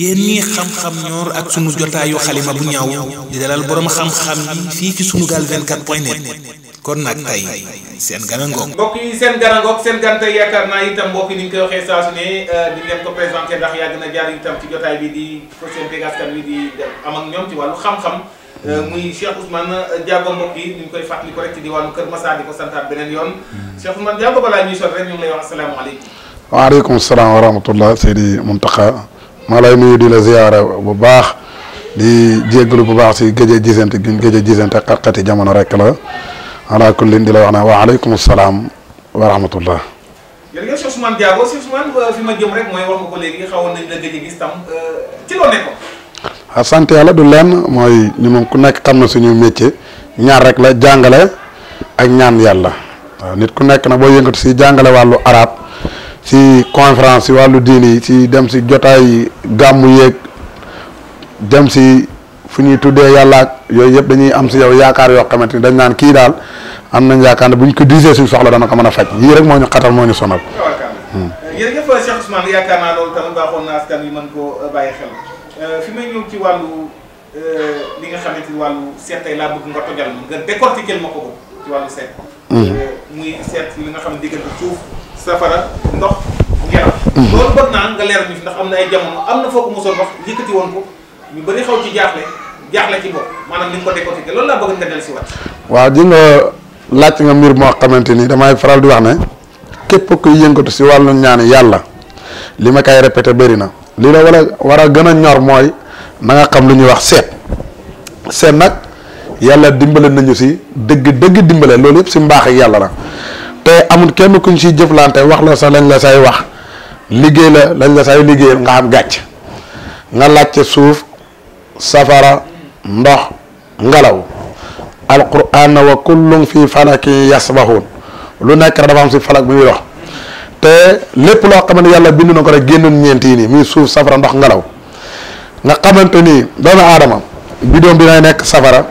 yéen ñi xam-xam ñoor ak sunu jotaayu xalima bu ñaaw di dalal boroom xam-xam yi fii ci sunugal 24 point net kon nag tey seen ganangoog mbokk yi seen ganangoog seen gan yaakaar naa itam mbokk euh, euh, ni ñu koy waxee saa ko présenté di procès Kër Massa di ko santaat beneen yoon Cheikh Ousmane balaa ñuy sot rek ñu ngi lay wax asalaamaaleykum waaleykum salaam wa rahmatullah Seydi Mountakha maa lay nuyu di la ziyaara bu baax di jégalu bu baax si géej gisante giñ géej gisante xat-xati jamono rek la ala kullin di la wax ne wa aleykum salaam wa rahmatullah. jërëjëf euh, la géej gis tam euh, ci loo nekkoon. Ah, sant yàlla du lenn mooy ñu moom ku nekk xam na suñu métier ñaar rek la jàngale ak ñaan yàlla waaw nit ku nekk na boo yëngatu si jàngale wàllu arab ci conférence ci wàllu diine yi ci dem ci jotaay gàmmu yeeg dem si fu ñuy tuddee yàlla yooyu yëpp dañuy am si yow yaakaar yoo xamante ni dañ naan kii daal am nañ yaakaar ne bu ñu ko disee suñ soxla dana ko mën a faj yii rek moo ñu xatal moo ñu sonal. Hmm. yaakaar naa loolu tamit baaxoon na askan wi mën koo euh, bàyyi xel euh, fi may ñëw ci wàllu euh, li nga xamante ni wàllu seet tey laa bëgg nga tojal nga décortiquer ma ko ci wàllu seet. Hmm. muy seet li nga xam safara ndox ngelaw. Mhm. loolu bëgg naa nga leer ñu fi am na ay jamono am na foo ko mosoon wax yëkkati woon ko ñu bëri xaw ci jaaxle jaaxle ci bopp maanaam ni nga ko décortiquer loolu laa bëgg nga dellu nga mbir moo xamante ni damay faral di wax ne képp kuy yëngatu si wàllu ñaan yàlla li ma kay répété bëri na. li la war a gën a ñor mooy nanga xam lu ñuy wax seet seet nag yàlla dimbale nañu ci dëgg dëgg dimbale loolu yëpp ci mbaax ak yàlla la. te amul kenn kuñ siy jëflante wax la sa lañ la say wax lañ la liggéey nga am gàcc nga suuf safara ndox ngelaw alquran na wa kullum fii falaki yasbahuun lu nekk rek dafa am si falak bu ñuy dox te lépp loo xamante yàlla bind na ko rek génnoon ñeent yi nii muy suuf safara ndox ngelaw nga xamante ni doomu aadama bidoom dinaa nekk safara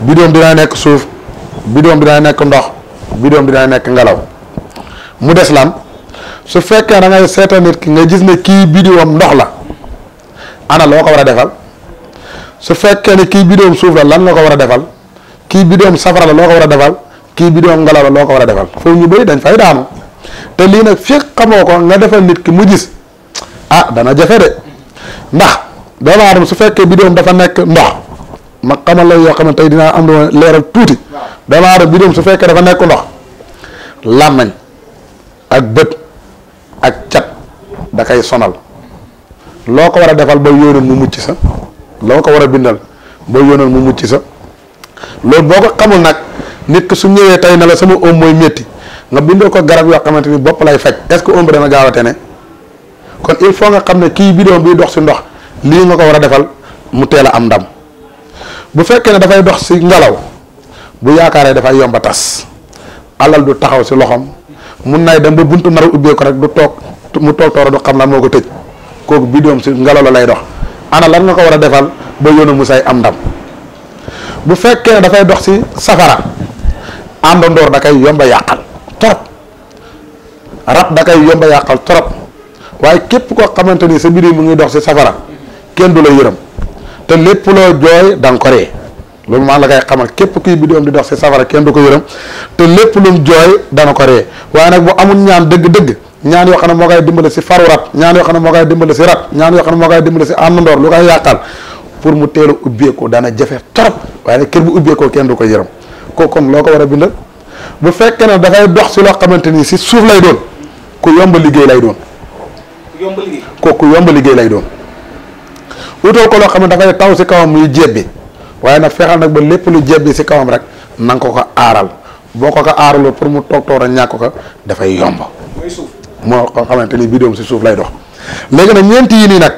bidoom dinaa nekk suuf bidoom dinaa nekk ndox bidon di dana nekk ngelaw mu des lan su fekkee da ngay nit ki nga gis ne kii bidiwam ndox la ana loo ko war a defal su fekkee ne kii bidiwam suuf la lan nga ko war a defal kii bidiwam safara la loo ko war a defal kii bidiwam ngelaw la loo ko war a defal foofu ñu bëri dañ fay daanu te lii nag fii xamoo ko nga defal nit ki mu gis ah dana jafe de ndax doomu aadama su fekkee bidiwam dafa nekk ndox ma xamal la yoo xam ne tey dinaa am lu leeral tuuti doomu aadama bi dem su fekkee dafa nekk ndox làmmañ ak bët ak cat da koy sonal loo ko war a defal ba yóonal mu mucc sa loo ko war a bindal ba yóonal mu mucc sa loolu boo ko xamul nag nit ki su ñëwee tey na la sama oom mooy métti nga bindal ko garab yoo xamante ni bopp lay faj est-ce que oom bi dana gaaw a tene kon il faut nga xam ne kii bidon bi dox si ndox lii nga ko war a defal mu teel a am ndam bu fekkee ne dafay dox si ngelaw bu yaakaaree dafay yomba tas alal du taxaw si loxoom mun nay dem ba buntu nar a ubbeeku rek du toog mu toog toora du xam lan moo ko tëj kooku bidéom si ngelaw la lay dox ana lan nga ko war a defal ba yoonu say am ndam bu fekkee ne dafay dox si safara àndandoor da koy yomba yàqal trop rab da koy yomba yàqal trop waaye képp koo xamante ni sa mbir mu ngi dox si safara kenn du la yërëm te lépp loo jooy da nga ko ree loolu maa la koy xamal képp kuy biddiwam di dox si safara kenn du ko yërëm te lépp lum jooy dana ko ree waaye nag bu amul ñaan dëgg-dëgg ñaan yoo xam ne moo koy dimbale si faru rab ñaan yoo xam ne moo koy dimbale si rab ñaan yoo xam ne moo koy dimbale si àndandoor lu koy yàqal pour mu teel a ubbeeku dana jafe trop waaye nag kër bu ubbeekoo kenn du ko yërëm ko kon ko war a bindal bu fekkee ne dafay dox si loo xamante ni si suuf lay doon ku yomba liggéey lay doon. ku yomb liggéey liggéey lay doon. utal ko loo xam ne dafay taw si kawam muy jebbi waaye nag fexeel nag ba lépp lu jebbi si kawam rek nanga ko ko aaral boo ko ko aaraloo pour mu toog toog rek ñàkk ko dafay yomb. moo ko xamante ni bidóom si suuf lay dox. léegi nag ñeenti yi nii nag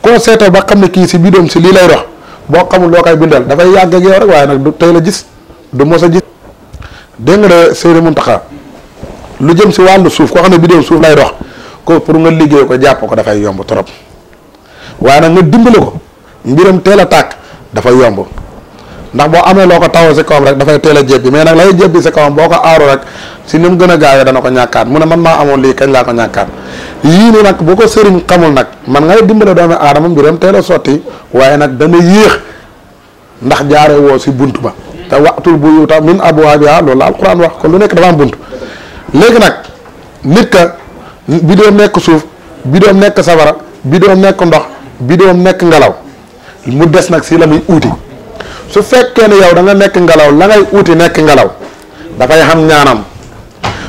koo seetee ba xam ne kii si bidóom si lii lay dox boo xamul loo koy bindal dafay yàgg ak rek waaye nag du tey la gis du mos a gis. dégg nga de Seydou Mountakha lu jëm si wàllu suuf koo xam ne bidóom suuf lay dox ko pour nga liggéey ko jàpp ko dafay yomb trop. waaye nag nga dimbale ko mbiram teel a tàkk dafa yomb ndax boo amee loo ko tawoo si kawam rek dafay teel a jébbi mais nag lay jébbi si kawam boo ko aaro rek si ni mu gën a gaawee dana ko ñàkkaat mu ne man maa amoon lii kañ laa ko ñàkkaat yii ni nag bu ko sëriñ xamul nag man ngay dimbale doomi aadama mbiram teel a sotti waaye nag dana yéex ndax jaaree woo si bunt ba te waxtul bu yuuta min abwaabiha loolu la alquran wax kon lu nekk dafa am bunt léegi nag nit ka nekk suuf bidoom nekk safara bidoom nekk ndox bi doom nekk ngelaw mu des nag si la muy uuti su fekkee ne yow da nga nekk ngelaw la ngay uuti nekk ngelaw dafay xam ñaanam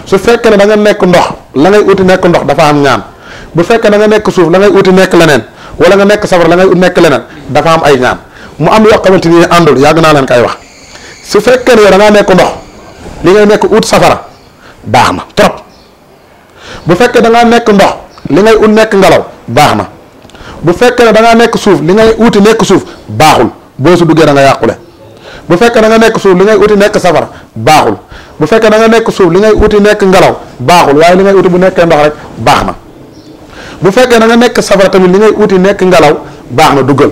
su fekkee ne da nga nekk ndox la ngay uuti nekk ndox dafa am ñaan bu fekkee da nga nekk suuf la ngay uuti nekk leneen wala nga nekk safara la nekk leneen dafa am ay ñaan mu am yoo xamante ni àndul yàgg naa leen kay wax su fekkee ne nekk ndox li ngay nekk ut safara baax na trop bu fekkee da nekk ndox li ngay ut nekk ngelaw baax na. bu fekkee ne da ngaa nekk suuf li ngay uti nekk suuf baaxul boo su duggee da nga yàqule bu fekkee na nga nekk suuf li ngay uti nekk safara baaxul bu fekkee da nga nekk suuf li ngay uti nekk ngelaw baaxul waaye li ngay uti bu nekkee ndox rek baax na bu fekkee na nga nekk safara tamit li ngay uti nekk ngelaw baax na duggal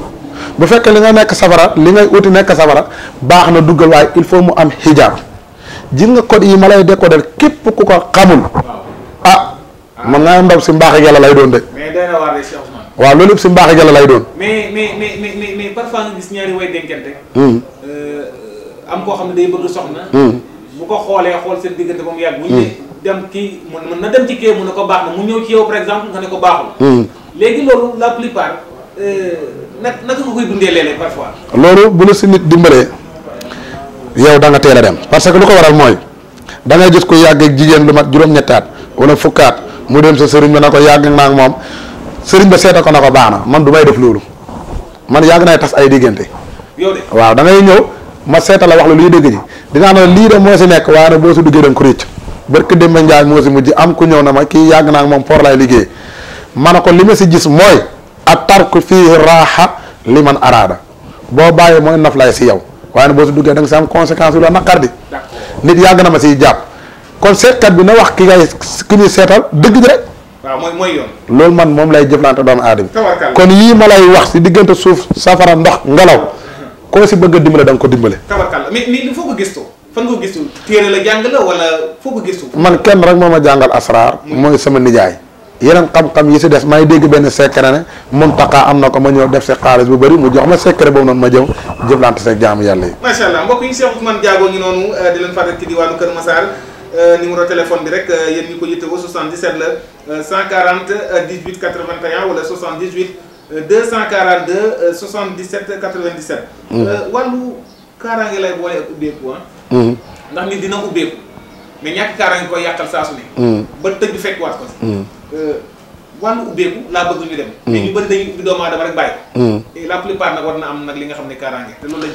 bu fekkee li nga nekk safara li ngay uti nekk safara baax na duggal waaye il faut mu am xijaab ji nga code yi ma lay décoder képp ku ko xamul ah, ah. man naa ndaw si mbaax ak yàlla lay doon de waaw loolu yëpp suñu baaxee jàll lay doon. mais mais mais mais mais parfois nga gis ñaari way denkante. Hmm. Euh, am koo xam ne day bëgg soxna. Hmm. bu ko xoolee xool seen diggante ba mu yàgg. bu hmm. ñu dem kii mën na dem ci kii mu ne ko baax na mu ñëw ci yow par exemple nga ne ko baaxul. léegi loolu la plupart euh, nag naka nga koy dundee léeg-léeg parfois. loolu bu la si nit dimbalee yow da nga teel a dem parce que lu ko waral mooy da ngay gis ko yàgg ak jigéen lu mat juróom-ñettaat wala fukkaat mu dem sa sëriñ bi na ko yàgg naa ak moom. sëriñ ba seeta ko na ko baax na man du may def loolu man yàgg naa tas ay diggante. waaw da ngay ñëw ma seetal la wax la luy dëgg ji dinaa ne lii de moo si nekk waaye boo si duggee da ko rëcc barke Demba Ndiaye moo si mujj am ku ñëw na ma kii yàgg ak moom por laay liggéey ma ne ko li ma si gis mooy ak tarku fii raaxa li man araada boo bàyyi mooy naf lay si yow waaye boo si duggee da nga si am conséquence yu la naqar nit yàgg na ma siy jàpp kon seetkat bi na wax ki ngay ki ñuy seetal dëgg ji rek. waaw mooy mooy yoon. loolu man moom lay jëflante doomu aadama. kon yii ma lay wax si diggante suuf safara ndox ngelaw koo si bëgg a dimbale da ko dimbale. mais ko gëstu kenn rek moo ma jàngal asraar. mooy sama nijaay. yeneen xam-xam yi si des may dégg benn secret ne moom taxaa am na ko ma ñëw def si xaalis bu bari mu jox ma secret boobu noonu ma jëm jëflante seeg jaamu yàlla yi. Euh, numéro téléphone bi rek euh, yéen ñi ko yittewoo 77 la 140 18 81 wala 78 242 77 97. wàllu kaaraange lay boole ak ubbeeku ah. Mmh. ndax nit dina ubbeeku mais ñàkk kaaraange koy yàqal saa su ne. Mmh. ba tëj fekkwaat ko si. Mmh. Euh, wàllu ubbeeku laa bëgg ñu dem. mais ñu bëri dañuy ubbi doomu aadama rek bàyyi. la plupart nag war na am nag li nga xam ne kaaraange te loolu lañ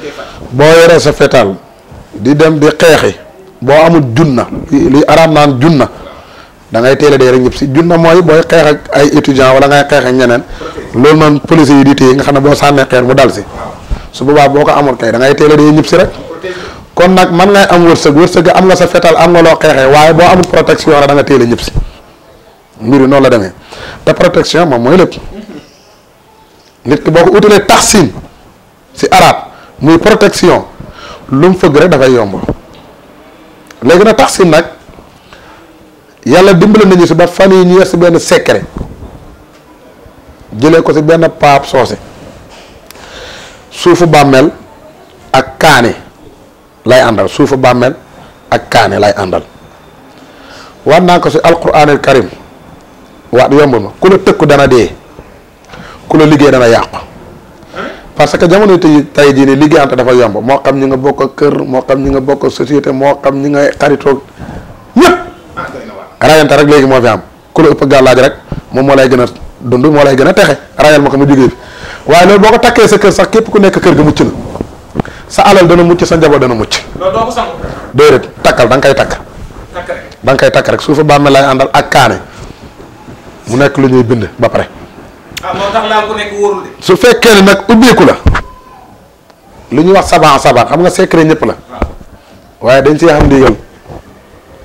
boo yoree di dem di xeexi. boo amul junna li arab naan junna da ngay teel a dee rek ñëpp si junna mooy booy xeex ak ay étudiant wala ngay xeex ak ñeneen loolu noonu police yi di téye nga xam ne boo sànnee xeer mu dal si su boobaa boo ko amul kay da ngay teel a dee ñëpp si rek kon nag man ngay am wërsëg wërsëg am nga sa fetal am nga loo xeexee waaye boo amul protection rek da nga teel a ñëpp si mbir yi noonu la demee te protection moom mooy lépp nit ki boo ko utalee taxsin si arab muy protection lu mu fëgg rek dafay yomb. léegi na tax si nag yàlla dimbali nañu si ba fan yi ñu yor si benn secret jële ko ci benn paap soose suufu bàmmeel ak kaani lay àndal suufu bàmmeel ak kaani lay àndal waat naa ko si alquranil karim waat yomb ma ku la tëkku dana dee ku la liggéey dana yàqu parce que jamono tey tey jii nii liggéeyante dafa yomb moo xam ñi nga bokk ak kër moo xam ñi nga bokk ak société moo xam ñi nga xaritoog ñëpp rayante rek léegi moo fi am ku la ëpp gàllaaj rek moom moo lay gën a dund moo lay gën a texe rayal ma ko mu jógee fi waaye loolu boo ko takkee sa kër sax képp ku nekk kër ga mucc na sa alal dana mucc sa njaboot dana mucc déedéet takkal da nga koy takk da koy takk rek suufa bàmmee lay àndal ak kaane mu nekk lu ñuy bind ba pare Ah, moo tax su fekkee ne nag ubbeeku la lu ñuy wax sabaan sabaan xam nga secret ñëpp la. Ah. waaye dañ see xam ndigal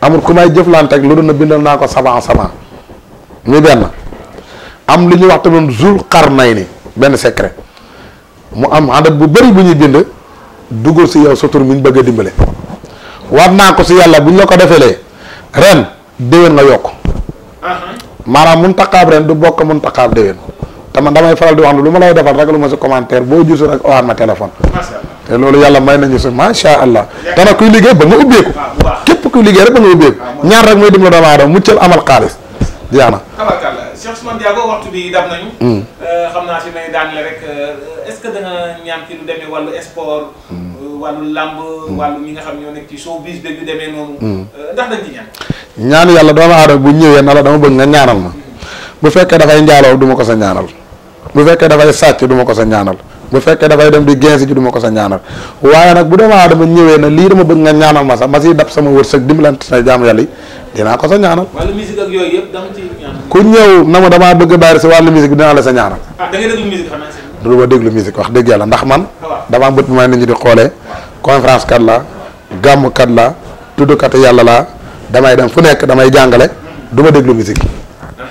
amul ku may jëflante ak lu doon na bindal naa ko sabaan sabaan muy benn am lu ñuy wax tamit zul nay ni benn secret mu am àndat bu bari bu ñuy bind dugal si yow sa tur mi ñu bëgg a dimbale. war naa ko si yàlla bu ñu la ko defelee ren déwén nga yokk ah, maanaam mun taqaab ren du bokk mun taqaab déwén. te man damay faral di wax ne lu ma lay defal rek lu ma sa commentaire boo gisul rek owaat ma téléphone. te loolu yàlla may nañu si macha allah. te nag kuy liggéey ba nga ubbeeku. Ah, képp kuy liggéey rek ba nga ubbeeku. Ah, ñaar rek mooy amal xaalis. Hmm. Euh, euh, ñaan hmm. hmm. euh, yàlla doomu aadama bu ñëwee na dama bëgg nga ñaanal ma bu fekkee dafay njaaloo duma ko sa ñaanal bu fekkee dafay sàcc duma ko sa ñaanal bu fekkee dafay dem di gensi ji duma ma ko sa ñaanal waaye nag bu doomu aadama ñëwee na lii dama bëgg nga ñaanal ma sax ma siy dab sama wërsëg dimbalante sa jaam yàlla yi dinaa ko sa ñaanal. wàllu musique ak yooyu yëpp da ku ñëw na ma damaa bëgg daal si wàllu musique bi dinaa la sa ñaanal. ah déglu musique xam wax dëgg yàlla ndax man. Ah, dama am bët bu may nit ñi di xoolee. conférence kat la gàmm kat la tuddkat yàlla la damay dem fu nekk damay jàngale du ma déglu musique ah,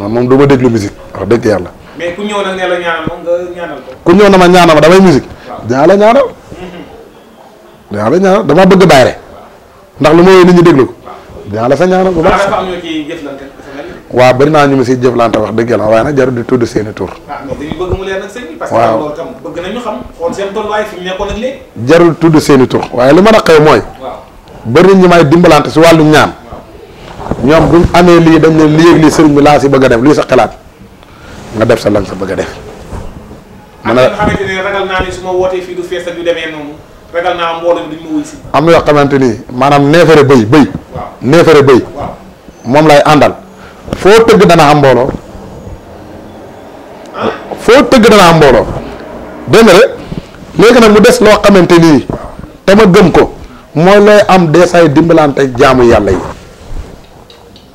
ah. moom du ma dëgg yàlla mais ku ñëw na ma ñaanal ma damay musique. dinaa la la ñaanal dama bëgg daayre ndax lu ma nit ñi déglu ko. la sa ñaanal bu baax. naa ñu ma siy jëflante wax dëgg yàlla waaye nag jarul di tudd seen i tur. ah mais dañuy bëgg mu leer nag mooy. waaw bëri may dimbalante si wàllu ñaan. ñoom buñ amee lii dañ ne lii ak lii sëriñ bi laa si bëgg def luy lii sa xalaat nga def sa lan sa bëgg def. man la ma wootee fii du yoo xamante ni maanaam neefere bëy bëy. waaw neefere bëy. moom lay àndal. foo tëgg dana am mbooloo. Ah. foo tëgg dana am mbooloo. dégg de léegi nag mu des loo xamante ni te ma gëm ko mooy looy am deesaay dimbalante jaamu yàlla yi.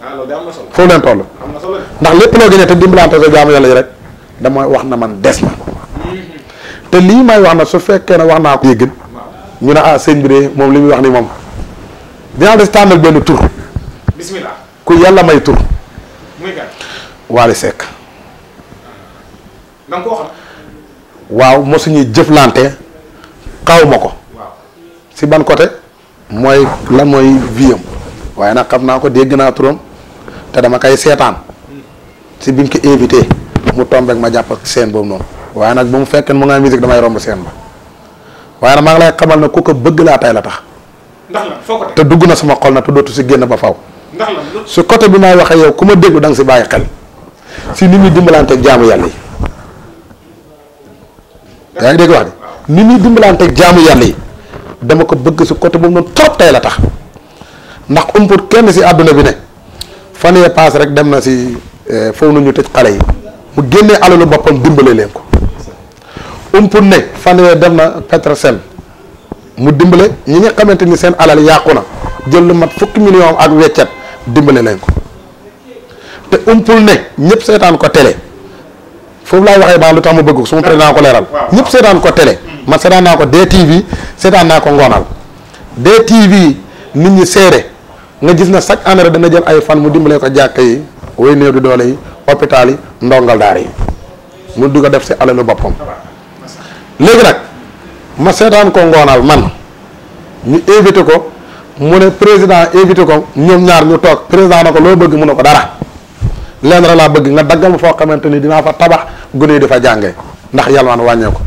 Ah, foofu leen toll. ndax lépp loo gënee te dimbalante sa jaamu yàlla yi rek damay wax na man des na te lii may wax na su fekkee ne wax naa ko yëgën ñu ne ah sëñ bi de moom li muy wax ni moom dinaa des tànnal benn tur bismillah ku yàlla may tur muy kan Waly Seck da nga ko ko si ban côté mooy lan mooy viam waaye nag xam naa ko dégg naa turam te dama koy seetaan si biñ ko invité mu tombé ma jàpp seen boobu noonu waaye nag bu mu fekkee mu nga musique damay romb seen ba waaye nag maa ngi lay xamal na ku ko bëgg laa tay la tax. foo te dugg na sama xol na te dootu si génn ba faw su côté bi may waxee yow ku ma déggu danga si bàyyi xel si ni muy dimbalanteeg jaamu yàlla yi. yaa ngi dégg wax ni muy dimbalanteeg jaamu yàlla yi dama ko bëgg si côté boobu noonu trop tay la tax ndax umput kenn si àdduna bi ne. fan yee paas rek dem na si eh, foofu nañu tëj xale yi mu génnee alalu boppam dimbale leen ko umpul ne fan yee dem na Petrosen mu dimbale ñi nga xamante ni seen alal yàqu na jël lu mat fukki million ak weccet dimbale leen ko te umpul ne ñëpp seetaan ko télé foofu laay waxee baax lu tax ma bëgg ko paree naa ko leeral ñëpp seetaan ko télé man seetaan naa ko DTV seetaan naa ko ngoonal DTV nit ñi seere nga gis na chaque année dana jël ay fan mu dimbale ko jàkk yi way néew di doole yi hôpital yi ndongal daar yi mu di ko def si alalu boppam léegi nag ma seetaan ko ngoonal man ñu invité ko mu ne président invité ko ñoom ñaar ñu toog président na ko loo bëgg mun ne ko dara leen rek laa bëgg nga daggal ma foo xamante ni dinaa fa tabax gune yi dafa jàngee ndax yàlla na wàññee ko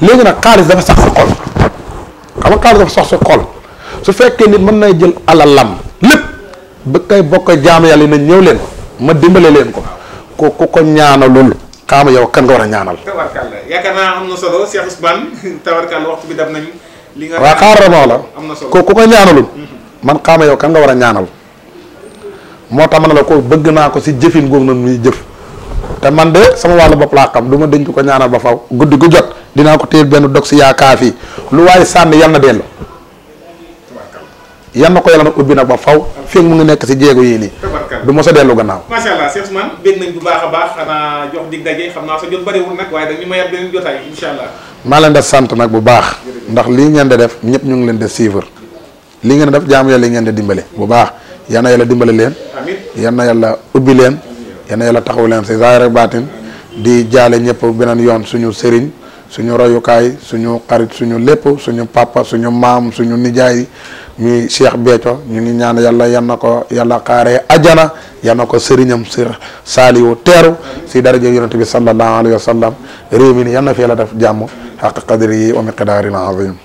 léegi nag xaalis dafa sax sa xol xam nga xaalis dafa sax sa xol su fekkee nit mën nay jël alalam ba kay bokk jaam yàlla na ñëw leen ma dimbale leen ko ku ko ñaanalul xaama yow kan nga war a ñaanal. tabarkalla yaakaar na li nga waaw la am na solo ku ku ko ñaanalul. Mhm. war a ñaanal. moo tax ma na la ko bëgg naa ko si jëfin googu noonu muy jëf te man de sama wàllu bopp laa xam ma denc ko ñaanal ba faw guddi gu jot dinaa ko téye benn dog si yaakaar fii lu waaye sànni yal na dellu. yan na ko yàlla na ubbi nag ba faw fi mu ngi nekk ci jéego yii nii du ma sa dellu gannaaw macha allah Cheikh maa leen di sant nag bu baax ndax lii ngeen de def ñëpp ñu ngi leen di suivre li ngeen di def jaamu yàlla li ngeen de dimbale bu baax yal na yàlla dimbale leen yal na yàlla ubbi leen yal na yàlla taxaw leen si zaahir baatin di jaale ñëpp beneen yoon suñu sëriñ suñu royukaay suñu xarit suñu lépp suñu papa suñu maam suñu nijaay ñuy Cheikh Béthio ñu ngi ñaan yàlla yan na ko yàlla xaaree ajana yan ko sëriñam sir saaliwu teeru si daraja yonente bi sallallahu alayhi wa sallam réew mi ni yan na fi yàlla def jàmm xaq qadri azim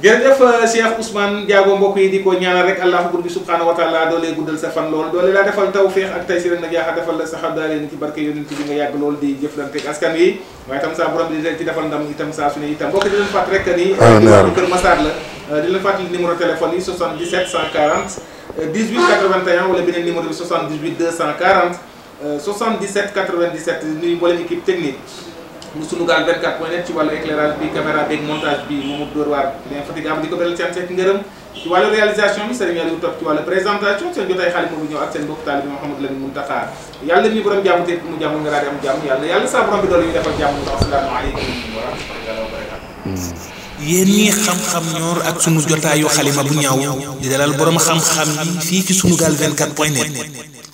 jërëjëf euh, Cheikh Ousmane Diago mbokk yi di ko ñaanal rek allah bur bi subhaanahu wa taala doolee guddal sa fan lool doole laa defal tawféex ak tay si rek nag yaaxa defal la saxa daa leen ci barke yonent bi nga yàgg lool di jëflante ak askan wi waaye itam saa borom bi di defal ndam itam saa su ne itam mbokk di leen fàtt rek ni Kër Massar la euh, di leen yi 77 140 18 81 wala beneen numéro bi 78 240 77 97 nuyu mu Sunugal 24 point net ci wàllu bi caméra beeg di ko beral seen seeti ngërëm ci wàllu réalisation bi Serigne Aliou Top ci wàllu présentation seen jotaay xaalis moomu ñëw ak seen mbokk yàlla yàlla sa borom bi doole ñu defal jàmm ñu assalaamu aleykum wa rahmatullahi wa barakatuh yéen ñi xam-xam ñor ak sunu jotaayu xalima bu ñaaw di dalal boroom xam-xam yi fii ci Sunugal 24 point net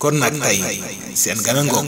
kon nag tey seen gana ngoog